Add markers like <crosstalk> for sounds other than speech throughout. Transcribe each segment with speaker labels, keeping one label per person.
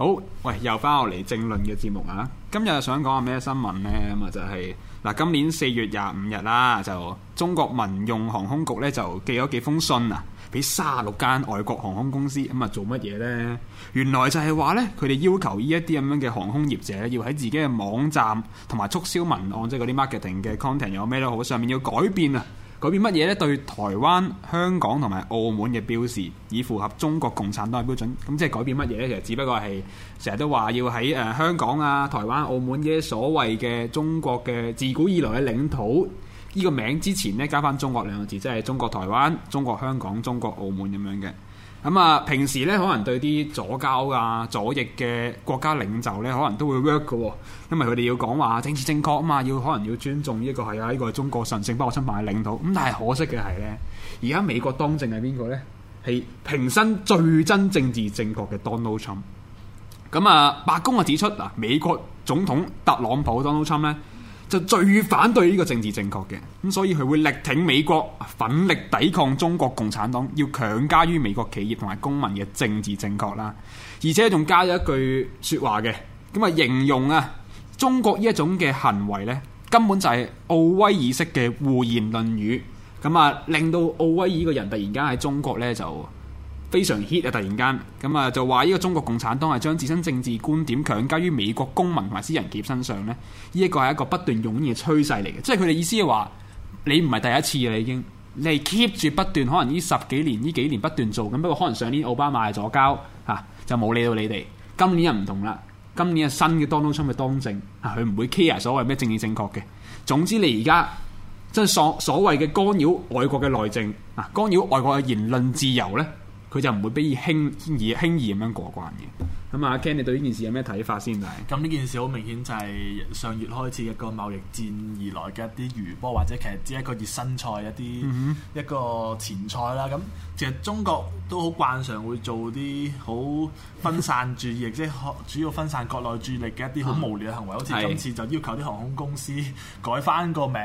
Speaker 1: 好，喂，又翻落嚟政論嘅節目啊！今日想講下咩新聞呢？咁啊就係、是、嗱，今年四月廿五日啦，就中國民用航空局呢，就寄咗幾封信啊，俾三十六間外國航空公司咁啊，做乜嘢呢？原來就係話呢，佢哋要求呢一啲咁樣嘅航空業者要喺自己嘅網站同埋促銷文案，即、就、係、是、嗰啲 marketing 嘅 content 有咩都好，上面要改變啊！改變乜嘢咧？對台灣、香港同埋澳門嘅標示，以符合中國共產黨嘅標準。咁即係改變乜嘢咧？其實只不過係成日都話要喺誒、呃、香港啊、台灣、澳門嘅所謂嘅中國嘅自古以來嘅領土呢個名之前咧，加翻中國兩個字，即係中國台灣、中國香港、中國澳門咁樣嘅。咁啊、嗯，平時咧可能對啲左膠啊、左翼嘅國家領袖咧，可能都會 work 嘅、哦，因為佢哋要講話政治正確啊嘛，要可能要尊重呢個係啊，呢個係中國神聖不可侵犯嘅領土。咁、嗯、但係可惜嘅係咧，而家美國當政係邊個咧？係平生最真政治正確嘅 Donald Trump。咁、嗯、啊、嗯，白宮啊指出嗱，美國總統特朗普 Donald Trump 咧。就最反對呢個政治正確嘅，咁所以佢會力挺美國，奮力抵抗中國共產黨，要強加於美國企業同埋公民嘅政治正確啦。而且仲加咗一句説話嘅，咁啊形容啊中國呢一種嘅行為呢，根本就係奧威爾式嘅胡言亂語。咁啊，令到奧威爾個人突然間喺中國呢就，非常 hit 啊！突然間咁啊、嗯，就話呢個中國共產黨係將自身政治觀點強加於美國公民同埋私人企業身上呢，呢一個係一個不斷湧現嘅趨勢嚟嘅，即係佢哋意思係話你唔係第一次，你已經你 keep 住不斷，可能呢十幾年、呢幾年不斷做咁。不過可能上年奧巴馬係左膠嚇，就冇理到你哋。今年又唔同啦，今年新嘅 Donald Trump 當政啊，佢唔會 care 所謂咩正義正確嘅。總之你而家即係所所謂嘅干擾外國嘅內政啊，干擾外國嘅言論自由呢。佢就唔會俾輕而輕易咁樣過關嘅。咁、啊、阿 Ken 你對呢件事有咩睇法先？就
Speaker 2: 咁呢件事好明顯就係上月開始一個貿易戰以來嘅一啲餘波，或者其實只係一個熱身賽一啲、嗯嗯、一個前菜啦。咁其實中國都好慣常會做啲好分散注意力，即係 <laughs> 主要分散國內注意力嘅一啲好無聊嘅行為，好似、啊、今次就要求啲航空公司改翻個名，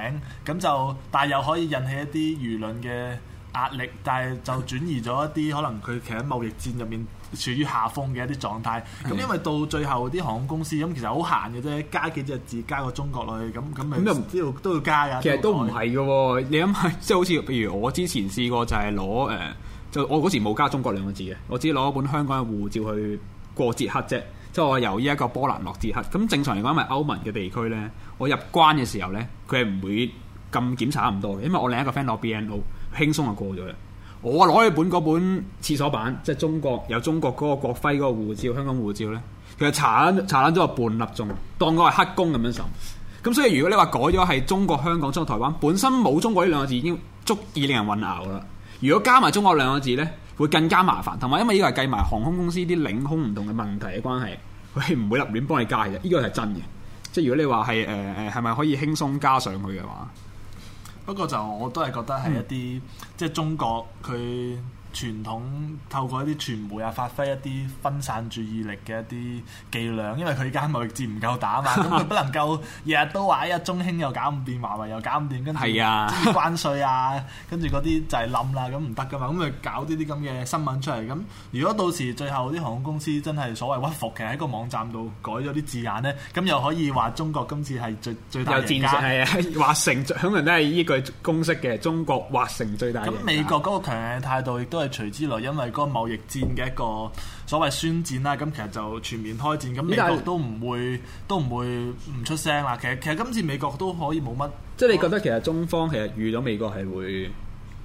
Speaker 2: 咁就但又可以引起一啲輿論嘅。壓力，但係就轉移咗一啲可能佢其實貿易戰入面處於下風嘅一啲狀態。咁的因為到最後啲航空公司咁其實好閒嘅啫，加幾隻字加個中國落去，咁咁咁咪都要都、嗯、要，要加嘅。其實都唔
Speaker 1: 係嘅喎，啊、你諗下，即係好似譬如我之前試過就係攞誒，就我嗰時冇加中國兩個字嘅，我只攞一本香港嘅護照去過捷克啫，即係我由依一個波蘭落捷克。咁正常嚟講，咪歐盟嘅地區咧，我入關嘅時候咧，佢係唔會。咁檢查差唔多，因為我另一個 friend 攞 BNO 輕鬆就過咗啦。我攞起本嗰本廁所版，即係中國有中國嗰個國徽嗰個護照，香港護照呢，其實查攬查攬咗個半粒鐘，當我係黑工咁樣審。咁所以如果你話改咗係中國香港、中國台灣，本身冇中國呢兩個字已經足以令人混淆啦。如果加埋中國兩個字呢，會更加麻煩。同埋因為呢個係計埋航空公司啲領空唔同嘅問題嘅關係，佢係唔會立亂幫你加嘅。呢個係真嘅。即係如果你話係誒誒係咪可以輕鬆加上去嘅話？
Speaker 2: 不過就我都係覺得係一啲即係中國佢。傳統透過一啲傳媒啊，發揮一啲分散注意力嘅一啲伎倆，因為佢間貿易戰唔夠打啊嘛，咁佢不能夠日日都話一中興又搞唔掂，華為又搞唔掂，跟住係啊關稅啊，跟住嗰啲就係冧啦，咁唔得噶嘛，咁咪搞啲啲咁嘅新聞出嚟。咁如果到時最後啲航空公司真係所謂屈服，其實喺個網站度改咗啲字眼咧，咁又可以話中國今次係最最大贏家，係啊，
Speaker 1: 話成肯定都係依據公式嘅，中國話成最大贏家。咁美國
Speaker 2: 嗰個強硬態度亦都係。除之來，因為個貿易戰嘅一個所謂宣戰啦，咁其實就全面開戰，咁美國都唔會但都唔會唔出聲啦。其實其實今次美國都可以冇
Speaker 1: 乜，即係你覺得其實中方其實預到美國係會。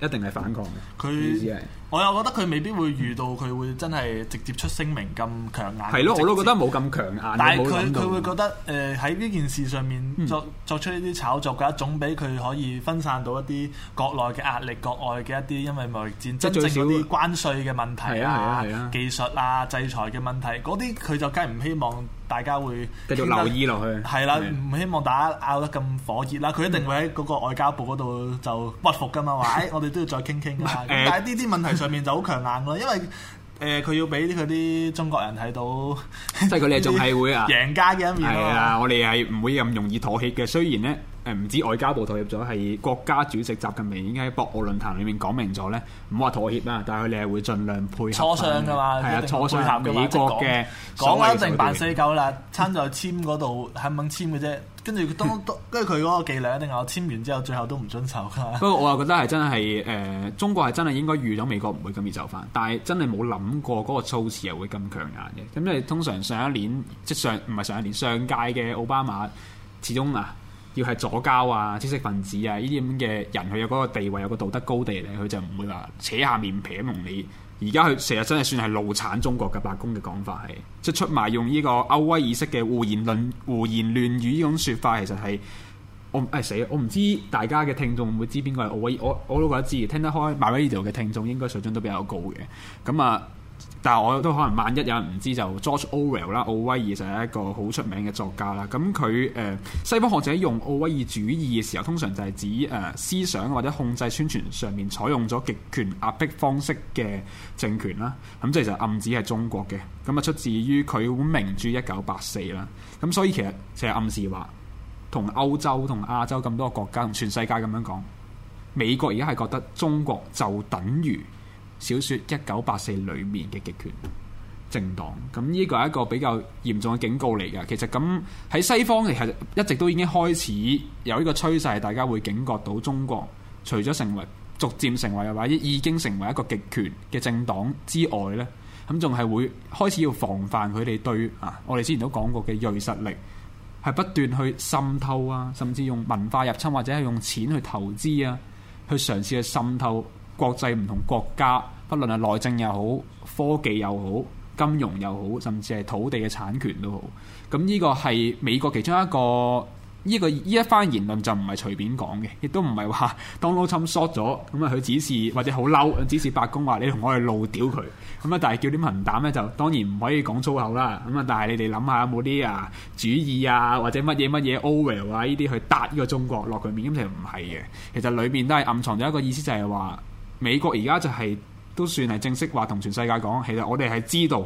Speaker 1: 一定係反抗嘅，佢、嗯、
Speaker 2: 我又覺得佢未必會遇到佢會真係直接出聲明咁強，強硬。係咯他，我都覺得冇咁
Speaker 1: 強硬。但係佢佢會
Speaker 2: 覺得誒喺呢件事上面作、嗯、作出呢啲炒作嘅一種，俾佢可以分散到一啲國內嘅壓力、國外嘅一啲因為貿易戰即真正嗰啲關稅嘅問題啊、技術啊、制裁嘅問題嗰啲，佢就梗係唔希望。大家會繼續留意落
Speaker 1: 去，係啦的，
Speaker 2: 唔的希望大家拗得咁火熱啦。佢的一定會喺嗰個外交部嗰度就屈服㗎嘛，話誒、 <laughs> 哎，我哋都要再傾傾啦。 <laughs> 呃、但係呢啲問題上面就好強硬咯，因為誒佢、呃、要俾佢啲中國人睇到，
Speaker 1: 即係佢哋仲係會、啊、贏
Speaker 2: 家嘅一面。係啊，
Speaker 1: 我哋係唔會咁容易妥協嘅。雖然咧。誒，唔、嗯、知外交部妥協咗係國家主席習近平喺博鰲論壇裏面講明咗咧，唔好話妥協啦，但係佢哋係會盡量配合。磋商噶嘛，係磋商美國嘅，講得正定四
Speaker 2: 九狗啦， <laughs> 簽就簽嗰度，肯唔肯簽嘅啫。跟住當跟住佢嗰個伎倆一定係我簽完之後，最後都唔遵守。 <laughs> <laughs> 不過
Speaker 1: 我又覺得係真係，誒、呃，中國係真係應該預咗美國唔會咁易就範，但係真係冇諗過嗰個措辭又會咁強硬嘅。咁即係通常上一年即上唔係上一年，上，上，一年上屆嘅奧巴馬，始終啊～要係左膠啊、知識分子啊，呢啲咁嘅人，佢有嗰個地位，有個道德高地咧，佢就唔會話扯下面皮蒙你。而家佢成日真係算係怒剷中國嘅白宮嘅講法係，即係出埋用呢個歐威爾式嘅胡言論、胡言亂語呢種説法，其實係我誒、哎、死我唔知大家嘅聽眾會唔會知邊個係歐威，我我都覺得知，聽得開。MyRadio 嘅聽眾應該水準都比較高嘅，咁啊。但係我都可能萬一有人唔知就 George Orwell 啦，奧威爾就係一個好出名嘅作家啦。咁佢誒西方學者用奧威爾主義嘅時候，通常就係指誒、呃、思想或者控制宣傳上面採用咗極權壓迫方式嘅政權啦。咁即係就暗指係中國嘅。咁啊出自於佢本名著《一九八四》啦。咁所以其實就係暗示話，同歐洲、同亞洲咁多個國家、同全世界咁樣講，美國而家係覺得中國就等於。小説《一九八四》裏面嘅極權政黨，咁呢個係一個比較嚴重嘅警告嚟㗎。其實咁喺西方，係一直都已經開始有呢個趨勢，大家會警覺到中國除咗成為逐漸成為或者已經成為一個極權嘅政黨之外呢，咁仲係會開始要防範佢哋對啊，我哋之前都講過嘅鋭實力係不斷去滲透啊，甚至用文化入侵或者係用錢去投資啊，去嘗試去滲透。國際唔同國家，不論係內政又好、科技又好、金融又好，甚至係土地嘅產權都好。咁呢個係美國其中一個呢、這個呢一番言論就唔係隨便講嘅，亦都唔係話當撈侵 short 咗咁啊。佢指示，或者好嬲，指示白宮話你同我去路屌佢咁啊。但係叫啲民盞呢？就當然唔可以講粗口啦。咁啊，但係你哋諗下有冇啲啊主意啊，或者乜嘢乜嘢 over 啊呢啲去搭呢個中國落佢面？咁其實唔係嘅，其實裏面都係暗藏咗一個意思就，就係話。美國而家就係、是、都算係正式話同全世界講，其實我哋係知道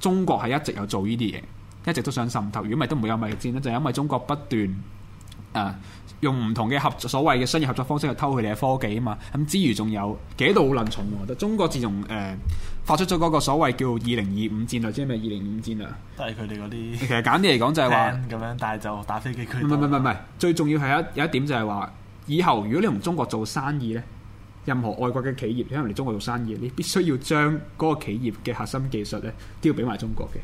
Speaker 1: 中國係一直有做呢啲嘢，一直都想滲透。如果唔係都唔會有貿易戰咧，就係、是、因為中國不斷、呃、用唔同嘅合所謂嘅商業合作方式去偷佢哋嘅科技啊嘛。咁、嗯、之餘仲有幾度好論寸喎。中國自從誒、呃、發出咗嗰個所謂叫二零二五戰略，即係咩二零五戰啊，
Speaker 2: 都係佢哋嗰啲。其實簡啲嚟講就係話咁樣，但係就打飛機。唔係唔係
Speaker 1: 唔係，最重要係一有一點就係話，以後如果你同中國做生意咧。任何外國嘅企業，你可能嚟中國做生意，你必須要將嗰個企業嘅核心技術咧，都要俾埋中國嘅。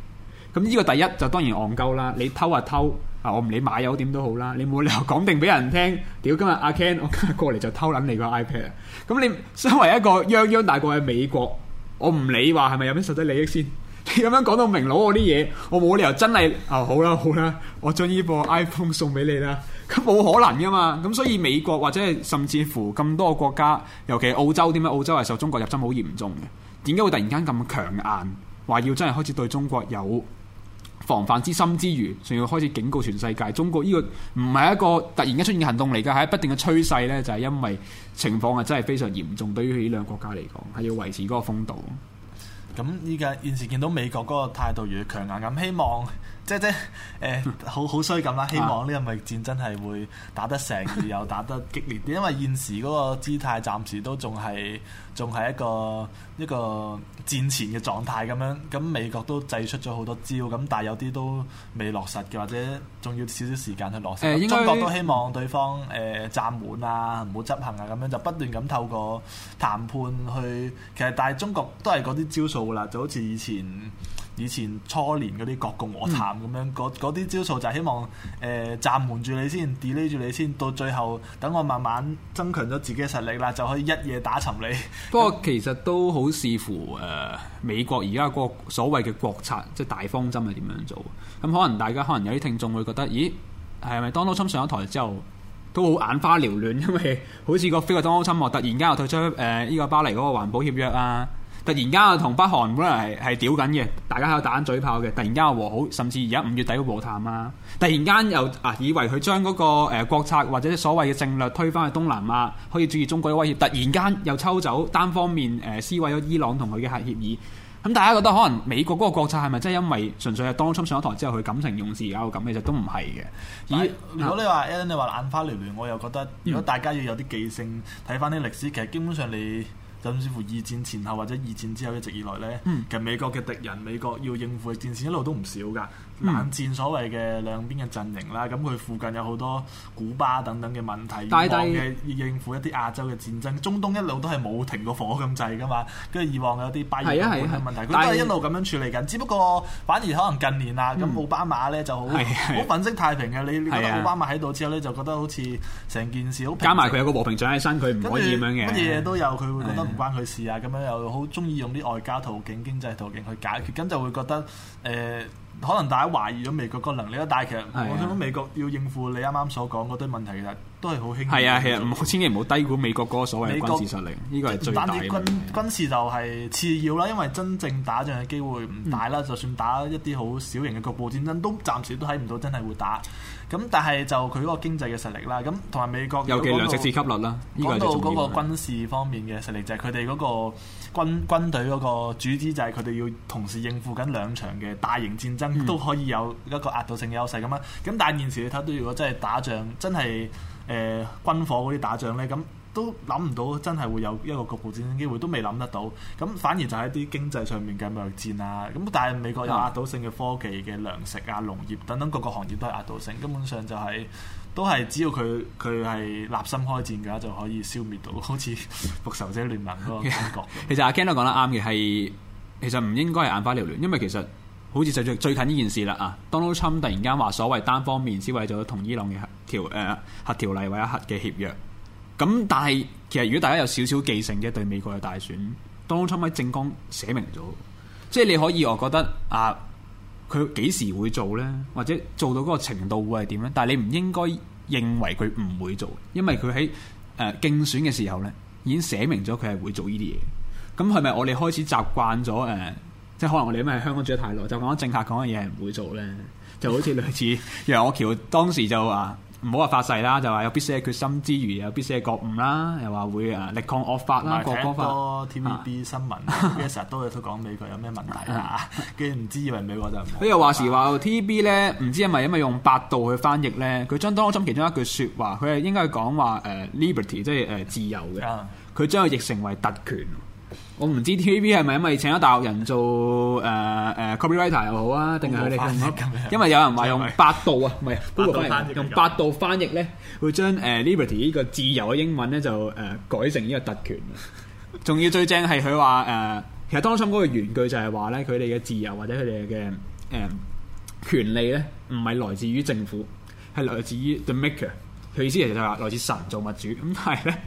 Speaker 1: 咁呢個第一就當然戇鳩啦。你偷啊偷啊，我唔理買友點都好啦。你冇理由講定俾人聽，屌今日阿 Ken 我今日過嚟就偷撚你個 iPad。咁你身為一個泱泱大國嘅美國，我唔理話係咪有咩實際利益先。你咁樣講到明佬我啲嘢，我冇理由真係啊好啦好啦，我將呢部 iPhone 送俾你啦，咁冇可能噶嘛。咁所以美國或者係甚至乎咁多個國家，尤其澳洲點解澳洲係受中國入侵好嚴重嘅，點解會突然間咁強硬，話要真係開始對中國有防範之心之餘，仲要開始警告全世界？中國呢個唔係一個突然間出現嘅行動嚟噶，係不定嘅趨勢呢，就係、是、因為情況係真係非常嚴重，對於呢兩個國家嚟講，係要維持嗰個風度。
Speaker 2: 咁依家現時見到美國嗰個態度越強硬，咁希望。即即誒、欸，好好衰咁啦！希望呢個貿易戰真係會打得成仗又打得激烈啲，因為現時嗰個姿態暫時都仲係仲係一個一個戰前嘅狀態咁樣。咁美國都祭出咗好多招，咁但係有啲都未落實嘅，或者仲要少少時間去落實。欸、中國都希望對方誒、呃、暫緩啊，唔好執行啊樣，咁樣就不斷咁透過談判去。其實但係中國都係嗰啲招數啦，就好似以前。以前初年嗰啲國共和談咁樣，嗰啲招數就係希望誒暫瞞住你先，delay 住你先，到最後等我慢慢增強咗自己嘅實力啦，就可以一夜打沉你。
Speaker 1: 不過其實都好視乎誒美國而家個所謂嘅國策，即係大方針係點樣做。咁可能大家可能有啲聽眾會覺得，咦，係咪 Donald Trump 上咗台之後都好眼花撩亂，因為好似個 Fake Donald Trump 突然間又退出誒呢個巴黎嗰個環保協約啊？突然間啊，同北韓本來係係屌緊嘅，大家喺度打緊嘴炮嘅。突然間又和好，甚至而家五月底嘅和談啊，突然間又啊以為佢將嗰個誒、呃、國策或者所謂嘅政略推翻去東南亞，可以注意中國嘅威脅。突然間又抽走，單方面誒、呃、撕毀咗伊朗同佢嘅核協議。咁、嗯、大家覺得可能美國嗰個國策係咪真係因為純粹係當初上咗台之後佢感情用事而搞咁嘅？其實都唔係嘅。是而如果你話 Allen 你話
Speaker 2: 眼花繚亂，我又覺得如果大家要有啲記性睇翻啲歷史，其實基本上你。甚至乎二戰前後或者二戰之後一直以來咧，嗯、其實美國嘅敵人、美國要應付嘅戰線一路都唔少㗎。冷戰所謂嘅兩邊嘅陣營啦，咁佢附近有好多古巴等等嘅問題，以往嘅要應付一啲亞洲嘅戰爭，中東一路都係冇停過火咁滯噶嘛，跟住以往有啲巴以矛盾問題，佢都係一路咁樣處理緊。只不過反而可能近年啊，咁奧巴馬咧就好好粉飾太平嘅。你係啦，奧巴馬喺度之後咧，就覺得好似成件事好平。加埋佢有個
Speaker 1: 和平獎喺身，佢唔可以咁樣嘅乜嘢
Speaker 2: 都有，佢會覺得唔關佢事啊。咁樣又好中意用啲外交途徑、經濟途徑去解決，咁就會覺得誒。可能大家懷疑咗美國個能力啦，但係其實我想美國要應付你啱啱所講嗰堆問題其實。都係好興，係啊係
Speaker 1: 啊，啊千祈唔好低估美國嗰個所謂國軍事實力，呢個係最大。唔單止軍
Speaker 2: 軍事就係次要啦，因為真正打仗嘅機會唔大啦，嗯、就算打一啲好小型嘅局部戰爭，都暫時都睇唔到真係會打。咁但係就佢嗰個經濟嘅實力啦，咁同埋美國尤其糧食自給率啦，呢個講到嗰個軍事方面嘅實力，就係佢哋嗰個軍的軍隊嗰個主旨，就係佢哋要同時應付緊兩場嘅大型戰爭，都、嗯、可以有一個壓倒性嘅優勢咁啊。咁但係現時你睇到，如果真係打仗，真係誒、呃、軍火嗰啲打仗呢，咁都諗唔到真係會有一個局部戰爭機會，都未諗得到。咁反而就係一啲經濟上面嘅掠戰啊。咁但係美國有壓倒性嘅科技嘅糧食啊、農業等等各個行業都係壓倒性，根本上就係、係、都係只要佢佢係立心開戰嘅話，就可以消滅到，好似復仇者聯盟嗰個
Speaker 1: 感覺其，其實阿 Ken 都講得啱嘅，係其實唔應該係眼花撩亂，因為其實好似最，最近呢件事啦啊，Donald Trump 突然間話所謂單方面撕毀咗同伊朗嘅條誒、呃、核條例或者核嘅協約，咁但係其實如果大家有少少記性嘅，即對美國嘅大選當初喺政綱寫明咗，即係你可以，我覺得啊，佢幾時會做呢？或者做到嗰個程度會係點呢？但係你唔應該認為佢唔會做，因為佢喺誒競選嘅時候呢，已經寫明咗佢係會做呢啲嘢。咁係咪我哋開始習慣咗誒、呃，即係可能我哋因為香港住得太耐，就講政客講嘅嘢係唔會做呢？就好似類似楊岳橋當時就話。啊唔好話發誓啦，就話有必須嘅決心之餘，有必須嘅覺悟啦，又話會啊力抗惡法啦，聽有多
Speaker 2: TVB 新聞，佢成日都有都講美國有咩問題啊，竟然唔知以為美國就，
Speaker 1: 佢又話時話 TVB 咧，唔、啊、知係咪因為用百度去翻譯咧，佢將當中其中一句説話，佢係應該講話誒 liberty，即係誒、uh, 自由嘅，佢將佢譯成為特權。我唔知 TVB 係咪因為請咗大陸人做誒誒、呃呃、copywriter 又好啊，定係佢哋用？哦、因為有人話用百度啊，唔係，用百度翻譯咧，譯呢 <laughs> 會將誒、uh, liberty 呢個自由嘅英文咧就誒、uh, 改成呢個特權。仲 <laughs> 要最正係佢話誒，uh, 其實當初嗰個原句就係話咧，佢哋嘅自由或者佢哋嘅誒權利咧，唔係來自於政府，係來自於 the maker。佢意思其實就係話來自神造物主，咁但係咧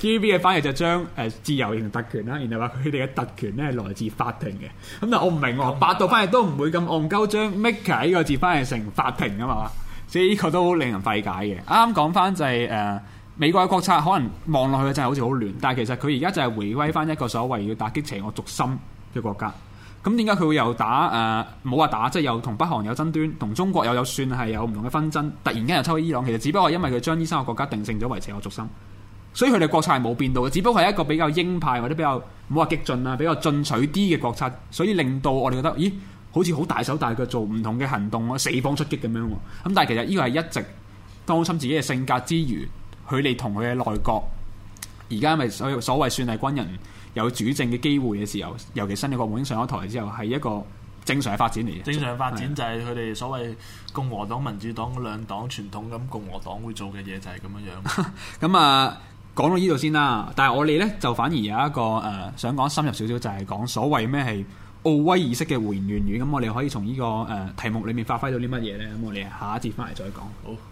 Speaker 1: TVB 嘅翻譯就將誒、呃、自由同特權啦，然後話佢哋嘅特權咧係來自法庭嘅，咁但我唔明喎、哦，百度、嗯、翻譯都唔會咁戇鳩將 maker 呢個字翻譯成法庭啊嘛，所以呢個都好令人費解嘅。啱啱講翻就係、是、誒、呃、美國嘅國策，可能望落去真係好似好亂，但係其實佢而家就係迴歸翻一個所謂要打擊邪惡軸心嘅國家。咁點解佢會又打？誒冇話打，即係又同北韓有爭端，同中國又有，有算係有唔同嘅紛爭。突然間又抽伊朗，其實只不過因為佢將呢三個國家定性咗為邪惡軸心，所以佢哋國策係冇變到嘅。只不過係一個比較鷹派或者比較冇話激進啦，比較進取啲嘅國策，所以令到我哋覺得，咦？好似好大手大腳做唔同嘅行動咯，四方出擊咁樣喎。咁但係其實呢個係一直當心自己嘅性格之餘，佢哋同佢嘅內閣而家咪所所謂算係軍人。有主政嘅機會嘅時候，尤其新嘅國務卿上咗台之後，係一個正常嘅發展嚟嘅。正常發展就係佢哋所謂共和黨、的民主黨兩黨傳統咁共和黨會做嘅嘢，就係咁樣樣。咁啊、 <laughs> 嗯，講到呢度先啦。但係我哋呢，就反而有一個誒、呃、想講深入少少，就係講所謂咩係奧威爾式嘅胡言亂語。咁、嗯、我哋可以從呢、這個誒、呃、題目裡面發揮到啲乜嘢呢？咁我哋下一節翻嚟再講好。